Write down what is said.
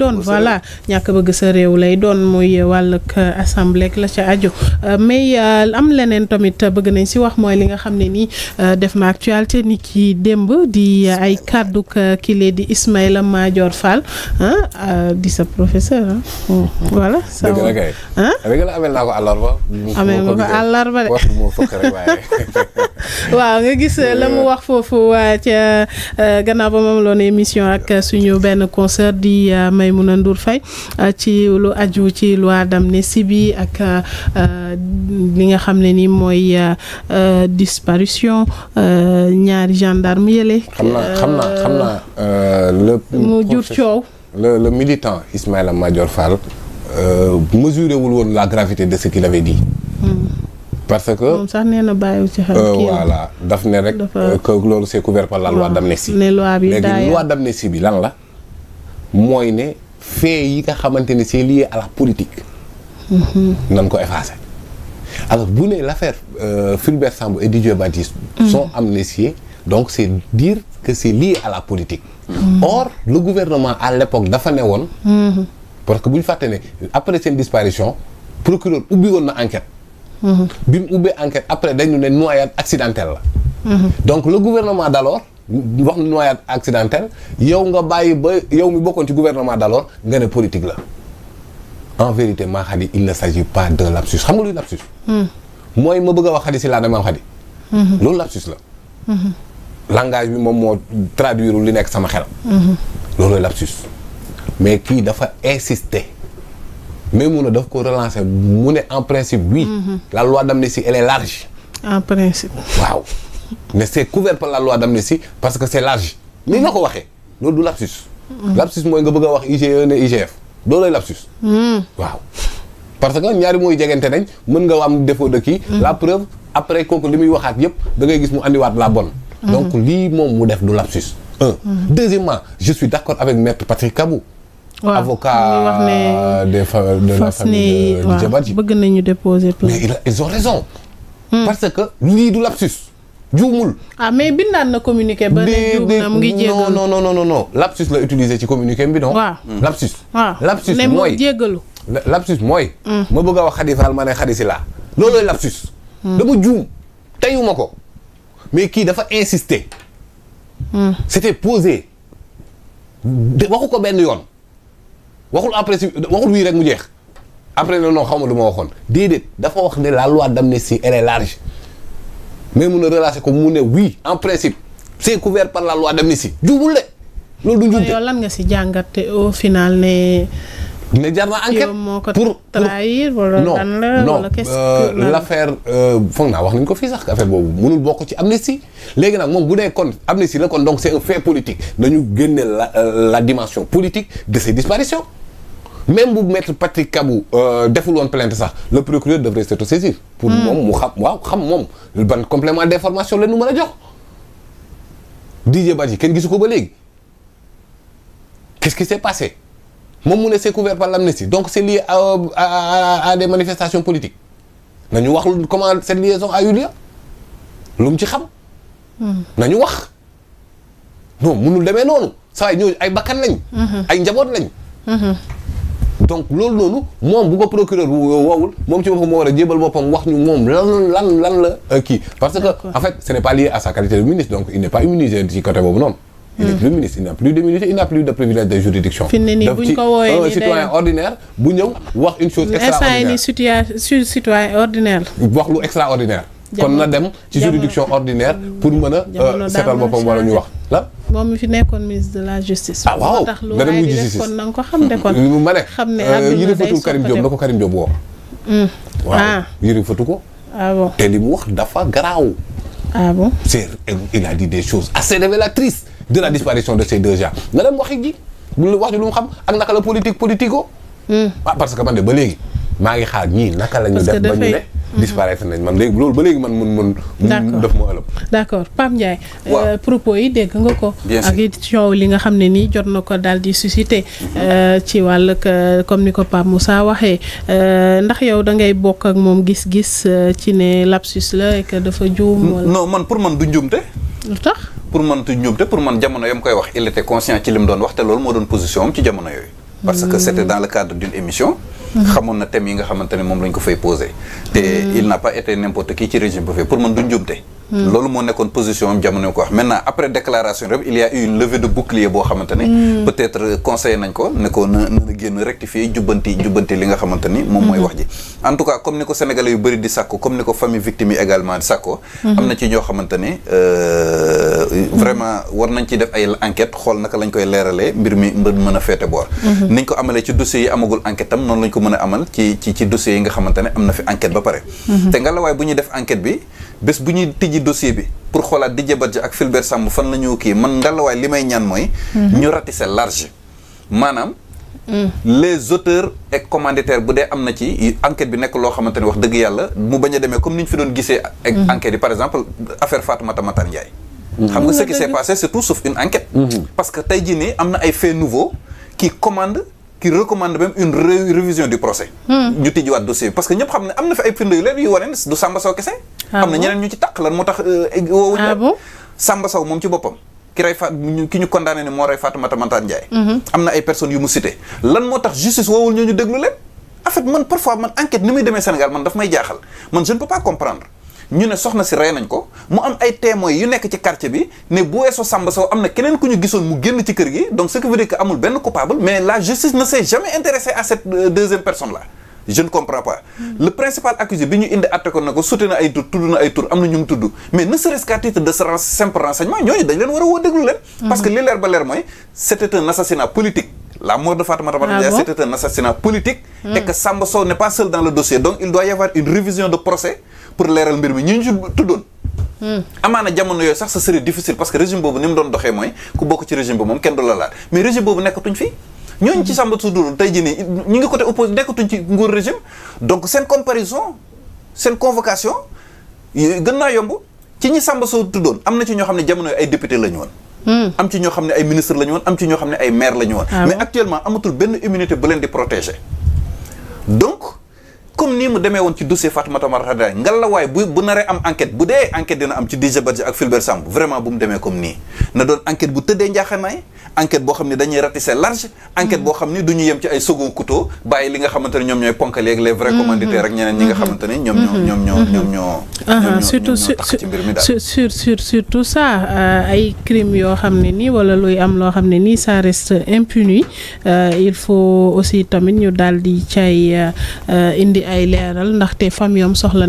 doon voilà ñàkk bëgg sa réew lay doon muy wàllug euh, assemblée la ca aju euh, mais euh, am leneen tamit bëgg nañ si wax mooy li nga xam ne nii def ma actualité ni ki démb di ay kàddu ki lee di Ismaïla Madior Fall di sa professeur hmm. voilà sa amee ma ko àllarba de waaw nga gis la mu wax foofu ca gannaaw ba moom loon émission ak suñu benn concert di may Maïmouna Ndour Faye euh, ci lu aju ci loi d'amnistie bi ak euh, euh, li nga xam ne ni mooy disparition ñaari gendarme yële. xam na xam na xam naa le mu jur coow. le le militant Ismaïla Madior Fall mesuré wul woon la gravité de ce qu'il avait dit. Hmm. parce que moom sax nee na bàyyiwu ci xel. voilà daf ne loolu c'est couvert par la loi d'amnistie. ne loi bi léegi loi d'amnistie bi lan la. mooy ne fait yi nga xamante ni c'est lié à la politique. Mm-hmm. nan ko effacé. alors bu ne l'affaire euh, Fulbert Sambou et Didier Badji mm-hmm. sont amnistiés donc c'est dire que c'est lié à la politique. Mm-hmm. or le gouvernement à l'époque dafa ne woon. parce que bu ñu fàtte ne après seen disparition procureur ubbi woon na enquête. bi mu ubbee enquête après dañu ne noyade accidentelle la. donc le gouvernement d'alors wax na noyade accidentelle yow nga bàyyi ba yow mi bokkoon ci gouvernement d'alors nga ne politique la en vérité maa xadi il ne s'agit pas d'un lapsus xam nga luy lapsus hmm. mooy ma bëgg a wax xadi si laa dama am xadi loolu lapsus la hmm. langage bi moom moo traduire li nekk sama xel hmm. loolooy lapsus mais kii dafa insister mais mun a daf ko relancer mu ne en principe oui la loi d'amnistie elle est large en principe waaw mais c' est couvert par la loi d' amnistie parce que c' est large. ni la ko waxee loolu du lapsus. lapsus mooy nga bëgg a wax IGE ne IGF loolu lay lapsus. waaw parce que ñaari mooy jegante nañ mën nga am défaut de kii. Mm. la preuve après li muy waxaat yëpp da ngay gis mu andiwaat la bonne. Mm. donc lii moom mu def du lapsus. un mm. deuxièmement je d' accord avec maître Patrick Kabou. Ouais, avocat des fa de la famille de Diabadji. bëgg nañu déposer plainte mais ils ont raison. parce que lii du lapsus. juumul. ah mais bindaan na communiqué ba ne juum na mu ngi jégalu non non la utilisé ci communiqué bi non. waaw hmm. la waaw lapsus mooy ne mu jégalu. lapsus mooy. Hmm. ma bëgg a wax Khady Fall ma ne Khady Sylla loolooy lapsus. Hmm. dama juum teyuma ko mais kii dafa insister. c'était pose de waxu ko benn yoon waxul après si waxul wii rek mu jeex après non non xaw ma lu ma waxoon déedéet dafa wax ne la loi si elle est large. mais mun a relâché ko mu ne oui en principe c'est couvert par la loi d'amnistie jubul de loolu du njubte yow lan nga si jàngat te au final ne. ne jar na enquête moo ko pour trahir wala lan la non non euh, l'affaire euh, foog naa wax nañ ko fii sax affaire boobu mënul bokk ci amnistie léegi nag moom bu dee kon amnistie la kon donc c'est fait politique dañu génne la euh, la dimension politique de ces disparitions. même bu maître Patrick Kabou euh, deful woon plainte sax le procureur devrait s'autosaisir pour hmm. moom mu xam waaw xam moom ban complément d'information la ñu mën a jox Didier Badji kenn gisu ko ba léegi qu'est-ce qui moom mu ne c'est couvert par l'amnistie donc c'est lié à, à, à, à des manifestations nañu wax comment cette liaison a eu lieu lu mu ci xam hmm. nañu wax non mënul demee noonu saa ñooñu ay bakkan lañ hmm. ay njaboot lañ donc loolu noonu moom bu ko procureur woowul moom ci boppam moo war a jébal boppam wax ñu moom lan lan lan la euh, kii parce que en fait ce n'est pas lié à sa qualité de ministre donc il n'est pas immunisé ci côté boobu noonu il n'est hmm. plus ministre il n'a plus d'immunité il n'a plus de privilège de juridiction. fi ne nii bu ñu ko wooyee nii ordinaire bu ñëw wax une chose extraordinaire wax lu extraordinaire. kon na dem ci juridiction ordinaire pour mën a euh, seetal boppam wala ñu wax. moom mi fi nekkoon ministre de la justice. ah waaw tax lu waay di def nga ko xam ne kon. ma ne xam ne adduna euh, day soppateeku ko Karim Diop woo. Mm. waaw ah. fatu ko. ah bon mu wax dafa garaaw. ah bon c'est il a dit des choses assez révélatrices de la disparition de ces deux gens na dem waxi ji bu wax ji lu mu xam ak naka la politique politico. Mm. ah parce que man de ba léegi maa ngi xaar ñi naka la ñu def. ba ñu ne disparaître nañ man léegi loolu ba léegi man mun mun. mun def ma ëllëg. d' accord Pape Ndiaye. Euh, waaw propos yi dégg nga ko. ak it coow li nga xam ne nii jot na ko daal di suscité. Mhm. Euh, ci wàll euh, comme ni ko mu Moussa waxee ndax yow da ngay bokk ak moom gis-gis ci ne lapsus la et que dafa juum. wala non man pour man du njuumte. lu tax pour man du njuumte pour man jamono yam koy wax il était ci li mu doon wax loolu moo doon position am ci jamono yooyu. parce que hmm. c' était dans le cadre d' émission. xamoon na thème yi nga xamante moom lañ ko fay posé. te il n'a pas été n'importe qui ci régime bu fay pour man du njuumte. loolu moo nekkoon position am jamono ko wax maintenant après déclaration rek il y a eu de bouclier boo xamante mm. peut-être conseillé nañ ko ne na na génn rectifier jubbanti jubbanti li nga xamante moom mooy mm-hmm. wax ji. en tout cas comme ni ko sénégalais yu bëri di sàkko comme ni ko famille victime yi également di sàkko. Mm-hmm. am na vraiment war nañ ci def ay enquête xool naka lañ koy leeralee mbir mi mbir mën a féete boor mhm. niñ ko amalee ci dossiers yi amagul enquête tam noonu lañ ko mën a amal ci ci ci dossiers yi nga xamante ne am na fi enquête ba pare mhm. te nga la waaye bu ñuy def enquête bi bés bu ñuy tijji dossier bi pour xoolaat di Badji ak Fulbert Sambou fan la kii man ngalawaay li may ñaan mooy mhm. ñu ratisser large maanaam mm. les auteurs et commanditaires bu dee am na ci enquête bi nekk loo xamante ne wax dëgg yàlla mu bañ a comme ni ñu fi doon gisee ak mm. enquête yi par exemple affaire Fatoumata Matar Ndiaye xam nga ce qui s'est passé c'est sauf une enquête mhm. Mhm. parce que tey jii nii am na ay faits nouveaux qui commandent qui recommande même une révision du procès hmm. ñu tijjiwaat dossier bi parce que ñëpp xam ne am na fi ay firnde yu leer yu du Samba Sow kese ah am na ñeneen ñu ci tàq lan moo tax euh, woowuñu ah Samba Sow moom ci boppam ki rey faat ki ñu condamné ne moo rey Fatoumata Mantaan Ndiaye mhm. am na ay personnes yu mu cité lan moo tax justice woowul ñu ñu déglu leen en ñu ne soxna si rey nañ ko mu am ay témoins yu nekk ci quartier bi ne bu weesoo Samba Sow am na keneen ku ñu gisoon mu génn ci kër gi donc ce qui veut dire que amul benn coupable mais la justice ne s'est jamais intéressée à cette euh, deuxième personne là je ne comprends hmm. le principal accusé bi ñu indi atte ko na ko sute na ay tur tudd na ay tur am na ñu ngi tudd mais ne serait-ce qu'à de simple renseignement ñooñu dañ leen war a woo déglu leen hmm. parce que li leer la mort de Fatoumata Diatta ah bon? c'était un assassinat politique mm. et que Samba Sow n'est pas seul dans le dossier donc il doit y avoir une révision de procès pour leeral mbir mi ñu ñu tuddoon hmm. amaana jamono yooyu sax ça serait difficile parce que régime boobu ni mu doon doxee mooy ku bokk ci régime bi moom kenn du la laal mais régime boobu nekkatuñ fii ñooñu ci Samba Sow dund tey jii nii ñu ngi côté opposé nekkatuñ ci nguur régime donc seen comparaison seen convocation gën naa yomb ci ñi Samba Sow tuddoon am na ci ñoo xam ne jamono ay député la ñu woon Hmm. am ci ñoo xam ne ay ministre la woon am ci ñoo xam ne ay maire la ñu woon ah mais actuellement amatul benn immunité bu leen di protéger donc comme nii mu demee woon ci dossier Fatoumata Mata Dramé ngal la bu bu naree am enquête bu dee enquête dina am ci Didier ak Fulbert Sambou vraiment bu mu demee comme nii na doon enquête bu tëddee njaaxanaay enquête boo xam ne dañuy ratisser large enquête boo xam ne du ñu yem ci ay second couteau bàyyi li nga xamante ne ñoom ñooy ponkal yeeg les vrais mm-hmm. commanditaires ak ñeneen ñi nga mm-hmm. xamante ne ñoom ñoo mm-hmm. ñoom ñoo ñoom uh-huh. ñoo surtout sur sur surtout ça euh, ay crimes yoo xam ne nii wala luy am loo xam ne nii ça reste impuni euh, il faut aussi tamit ñu daal di cay euh, indi ay leeral ndaxte famille am soxla